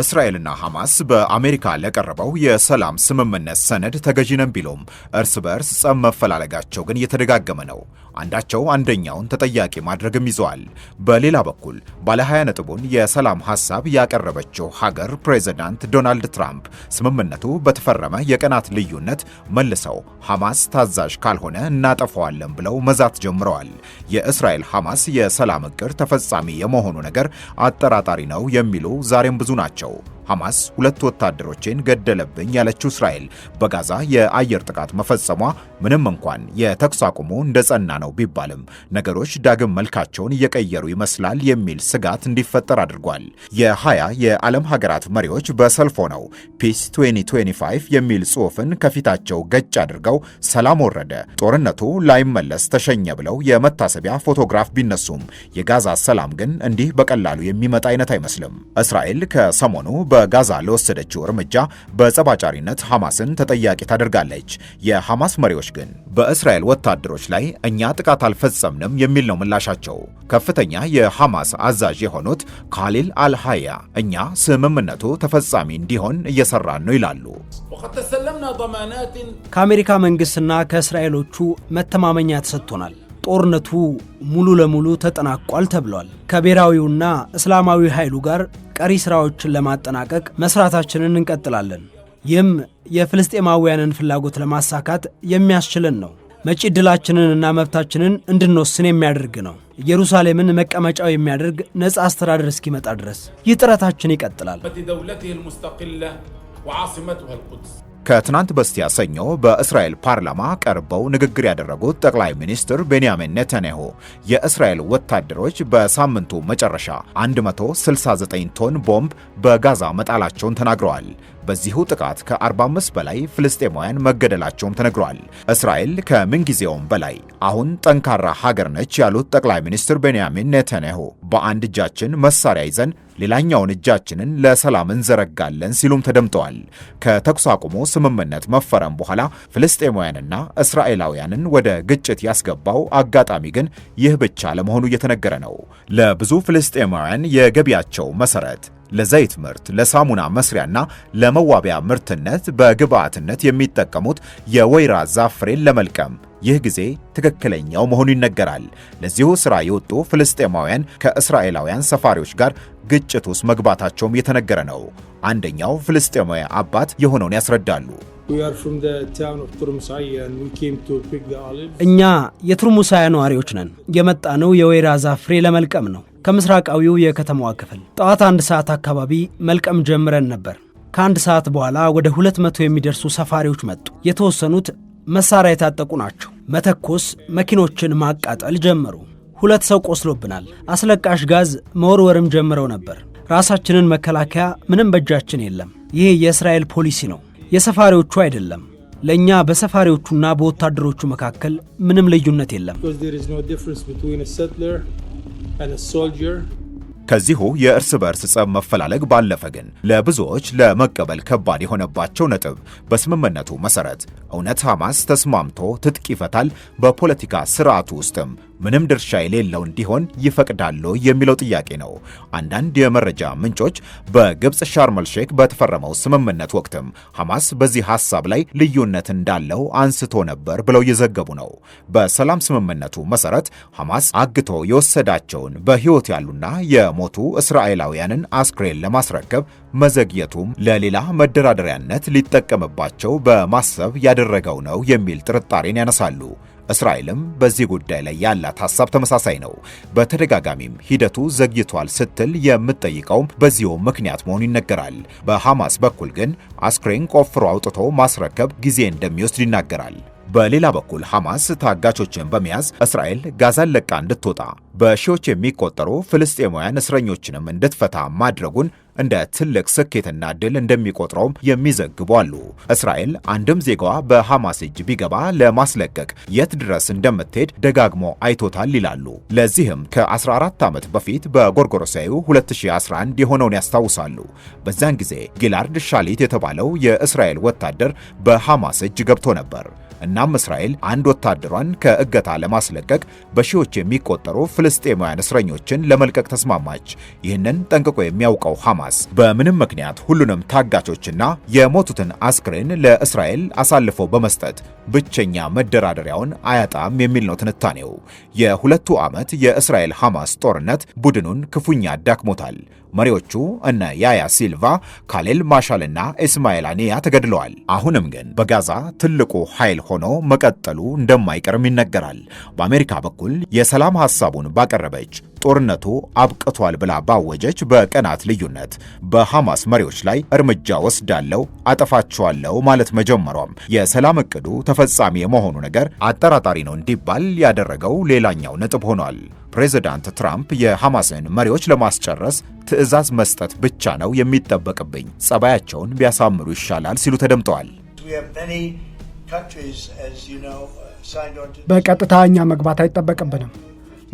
እስራኤልና ሐማስ በአሜሪካ ለቀረበው የሰላም ስምምነት ሰነድ ተገዢ ነን ቢሉም እርስ በእርስ ጸም መፈላለጋቸው ግን እየተደጋገመ ነው። አንዳቸው አንደኛውን ተጠያቂ ማድረግም ይዘዋል። በሌላ በኩል ባለ 20 ነጥቡን የሰላም ሐሳብ ያቀረበችው ሀገር ፕሬዚዳንት ዶናልድ ትራምፕ ስምምነቱ በተፈረመ የቀናት ልዩነት መልሰው ሐማስ ታዛዥ ካልሆነ እናጠፋዋለን ብለው መዛት ጀምረዋል። የእስራኤል ሐማስ የሰላም እቅድ ተፈጻሚ የመሆኑ ነገር አጠራጣሪ ነው የሚሉ ዛሬም ብዙ ናቸው። ናቸው። ሐማስ ሁለት ወታደሮቼን ገደለብኝ ያለችው እስራኤል በጋዛ የአየር ጥቃት መፈጸሟ ምንም እንኳን የተኩስ አቁሙ እንደጸና ነው ቢባልም ነገሮች ዳግም መልካቸውን እየቀየሩ ይመስላል የሚል ስጋት እንዲፈጠር አድርጓል። የሀያ የዓለም ሀገራት መሪዎች በሰልፍ ሆነው ፒስ 2025 የሚል ጽሑፍን ከፊታቸው ገጭ አድርገው ሰላም ወረደ፣ ጦርነቱ ላይመለስ ተሸኘ ብለው የመታሰቢያ ፎቶግራፍ ቢነሱም የጋዛ ሰላም ግን እንዲህ በቀላሉ የሚመጣ አይነት አይመስልም። እስራኤል ከሰ ሰሞኑ በጋዛ ለወሰደችው እርምጃ በጸባጫሪነት ሐማስን ተጠያቂ ታደርጋለች። የሐማስ መሪዎች ግን በእስራኤል ወታደሮች ላይ እኛ ጥቃት አልፈጸምንም የሚል ነው ምላሻቸው። ከፍተኛ የሐማስ አዛዥ የሆኑት ካሊል አልሃያ እኛ ስምምነቱ ተፈጻሚ እንዲሆን እየሰራን ነው ይላሉ። ከአሜሪካ መንግሥትና ከእስራኤሎቹ መተማመኛ ተሰጥቶናል። ጦርነቱ ሙሉ ለሙሉ ተጠናቋል ተብሏል። ከብሔራዊውና እስላማዊ ኃይሉ ጋር ቀሪ ስራዎችን ለማጠናቀቅ መስራታችንን እንቀጥላለን። ይህም የፍልስጤማውያንን ፍላጎት ለማሳካት የሚያስችልን ነው። መጪ ዕድላችንንና መብታችንን እንድንወስን የሚያደርግ ነው። ኢየሩሳሌምን መቀመጫው የሚያደርግ ነፃ አስተዳደር እስኪመጣ ድረስ ይህ ጥረታችን ይቀጥላል። ከትናንት በስቲያ ሰኞ በእስራኤል ፓርላማ ቀርበው ንግግር ያደረጉት ጠቅላይ ሚኒስትር ቤንያሚን ኔታንያሁ የእስራኤል ወታደሮች በሳምንቱ መጨረሻ 169 ቶን ቦምብ በጋዛ መጣላቸውን ተናግረዋል። በዚሁ ጥቃት ከ45 በላይ ፍልስጤማውያን መገደላቸውም ተነግሯል። እስራኤል ከምንጊዜውም በላይ አሁን ጠንካራ ሀገር ነች ያሉት ጠቅላይ ሚኒስትር ቤንያሚን ኔታንያሁ በአንድ እጃችን መሳሪያ ይዘን ሌላኛውን እጃችንን ለሰላም እንዘረጋለን ሲሉም ተደምጠዋል። ከተኩስ አቁሙ ስምምነት መፈረም በኋላ ፍልስጤማውያንና እስራኤላውያንን ወደ ግጭት ያስገባው አጋጣሚ ግን ይህ ብቻ ለመሆኑ እየተነገረ ነው። ለብዙ ፍልስጤማውያን የገቢያቸው መሰረት ለዘይት ምርት፣ ለሳሙና መስሪያና ለመዋቢያ ምርትነት በግብዓትነት የሚጠቀሙት የወይራ ዛፍ ፍሬን ለመልቀም ይህ ጊዜ ትክክለኛው መሆኑ ይነገራል። ለዚሁ ሥራ የወጡ ፍልስጤማውያን ከእስራኤላውያን ሰፋሪዎች ጋር ግጭት ውስጥ መግባታቸውም የተነገረ ነው። አንደኛው ፍልስጤማዊ አባት የሆነውን ያስረዳሉ። እኛ የቱርሙሳያ ነዋሪዎች ነን። የመጣነው የወይራ ዛፍ ፍሬ ለመልቀም ነው። ከምስራቃዊው የከተማዋ ክፍል ጠዋት አንድ ሰዓት አካባቢ መልቀም ጀምረን ነበር። ከአንድ ሰዓት በኋላ ወደ ሁለት መቶ የሚደርሱ ሰፋሪዎች መጡ። የተወሰኑት መሳሪያ የታጠቁ ናቸው። መተኮስ፣ መኪኖችን ማቃጠል ጀመሩ። ሁለት ሰው ቆስሎብናል። አስለቃሽ ጋዝ መወርወርም ጀምረው ነበር። ራሳችንን መከላከያ ምንም በእጃችን የለም። ይሄ የእስራኤል ፖሊሲ ነው፣ የሰፋሪዎቹ አይደለም። ለእኛ በሰፋሪዎቹና በወታደሮቹ መካከል ምንም ልዩነት የለም። and a soldier ከዚሁ የእርስ በርስ ጸብ መፈላለግ ባለፈ ግን ለብዙዎች ለመቀበል ከባድ የሆነባቸው ነጥብ በስምምነቱ መሰረት እውነት ሐማስ ተስማምቶ ትጥቅ ይፈታል፣ በፖለቲካ ስርዓቱ ውስጥም ምንም ድርሻ የሌለው እንዲሆን ይፈቅዳሉ የሚለው ጥያቄ ነው። አንዳንድ የመረጃ ምንጮች በግብፅ ሻርመል በተፈረመው ስምምነት ወቅትም ሐማስ በዚህ ሐሳብ ላይ ልዩነት እንዳለው አንስቶ ነበር ብለው እየዘገቡ ነው። በሰላም ስምምነቱ መሰረት ሐማስ አግቶ የወሰዳቸውን በሕይወት ያሉና የሞቱ እስራኤላውያንን አስክሬን ለማስረከብ መዘግየቱም ለሌላ መደራደሪያነት ሊጠቀምባቸው በማሰብ ያደረገው ነው የሚል ጥርጣሬን ያነሳሉ። እስራኤልም በዚህ ጉዳይ ላይ ያላት ሐሳብ ተመሳሳይ ነው። በተደጋጋሚም ሂደቱ ዘግይቷል ስትል የምትጠይቀውም በዚሁ ምክንያት መሆኑ ይነገራል። በሐማስ በኩል ግን አስክሬን ቆፍሮ አውጥቶ ማስረከብ ጊዜ እንደሚወስድ ይናገራል። በሌላ በኩል ሐማስ ታጋቾችን በመያዝ እስራኤል ጋዛን ለቃ እንድትወጣ በሺዎች የሚቆጠሩ ፍልስጤማውያን እስረኞችንም እንድትፈታ ማድረጉን እንደ ትልቅ ስኬትና ድል እንደሚቆጥረውም የሚዘግቡ አሉ። እስራኤል አንድም ዜጋዋ በሐማስ እጅ ቢገባ ለማስለቀቅ የት ድረስ እንደምትሄድ ደጋግሞ አይቶታል ይላሉ። ለዚህም ከ14 ዓመት በፊት በጎርጎሮሳዩ 2011 የሆነውን ያስታውሳሉ። በዚያን ጊዜ ጊላርድ ሻሊት የተባለው የእስራኤል ወታደር በሐማስ እጅ ገብቶ ነበር። እናም እስራኤል አንድ ወታደሯን ከእገታ ለማስለቀቅ በሺዎች የሚቆጠሩ ፍልስጤማውያን እስረኞችን ለመልቀቅ ተስማማች። ይህንን ጠንቅቆ የሚያውቀው ሐማስ በምንም ምክንያት ሁሉንም ታጋቾችና የሞቱትን አስክሬን ለእስራኤል አሳልፎ በመስጠት ብቸኛ መደራደሪያውን አያጣም የሚል ነው ትንታኔው። የሁለቱ ዓመት የእስራኤል ሐማስ ጦርነት ቡድኑን ክፉኛ አዳክሞታል። መሪዎቹ እነ ያያ ሲልቫ፣ ካሌል ማሻልና ኢስማኤል አኒያ ተገድለዋል። አሁንም ግን በጋዛ ትልቁ ኃይል ሆኖ መቀጠሉ እንደማይቀርም ይነገራል። በአሜሪካ በኩል የሰላም ሐሳቡን ባቀረበች ጦርነቱ አብቅቷል ብላ ባወጀች በቀናት ልዩነት በሐማስ መሪዎች ላይ እርምጃ ወስዳለው አጠፋቸዋለው ማለት መጀመሯም የሰላም እቅዱ ተፈጻሚ የመሆኑ ነገር አጠራጣሪ ነው እንዲባል ያደረገው ሌላኛው ነጥብ ሆኗል። ፕሬዚዳንት ትራምፕ የሐማስን መሪዎች ለማስጨረስ ትዕዛዝ መስጠት ብቻ ነው የሚጠበቅብኝ፣ ጸባያቸውን ቢያሳምሩ ይሻላል ሲሉ ተደምጠዋል። Uh, በቀጥታ እኛ መግባት አይጠበቅብንም።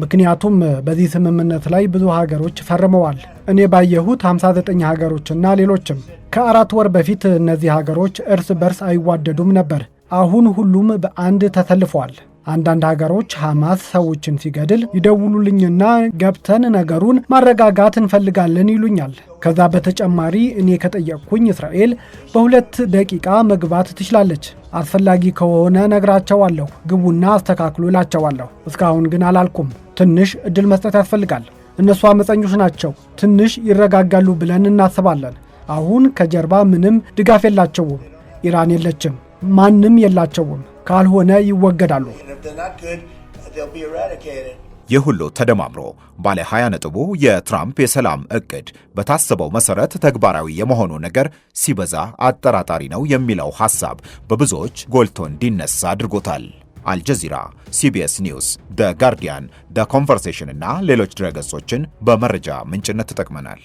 ምክንያቱም uh, በዚህ ስምምነት ላይ ብዙ ሀገሮች ፈርመዋል። እኔ ባየሁት 59 ሀገሮችና ሌሎችም። ከአራት ወር በፊት እነዚህ ሀገሮች እርስ በርስ አይዋደዱም ነበር። አሁን ሁሉም በአንድ ተሰልፈዋል። አንዳንድ ሀገሮች ሐማስ ሰዎችን ሲገድል ይደውሉልኝና ገብተን ነገሩን ማረጋጋት እንፈልጋለን ይሉኛል። ከዛ በተጨማሪ እኔ ከጠየቅኩኝ እስራኤል በሁለት ደቂቃ መግባት ትችላለች። አስፈላጊ ከሆነ ነግራቸዋለሁ፣ ግቡና አስተካክሉ እላቸዋለሁ። እስካሁን ግን አላልኩም። ትንሽ እድል መስጠት ያስፈልጋል። እነሱ አመፀኞች ናቸው፣ ትንሽ ይረጋጋሉ ብለን እናስባለን። አሁን ከጀርባ ምንም ድጋፍ የላቸውም። ኢራን የለችም፣ ማንም የላቸውም። ካልሆነ ይወገዳሉ። ይህ ሁሉ ተደማምሮ ባለ 20 ነጥቡ የትራምፕ የሰላም እቅድ በታሰበው መሰረት ተግባራዊ የመሆኑ ነገር ሲበዛ አጠራጣሪ ነው የሚለው ሐሳብ በብዙዎች ጎልቶ እንዲነሳ አድርጎታል። አልጀዚራ፣ ሲቢኤስ ኒውስ፣ ደ ጋርዲያን፣ ደ ኮንቨርሴሽን እና ሌሎች ድረገጾችን በመረጃ ምንጭነት ተጠቅመናል።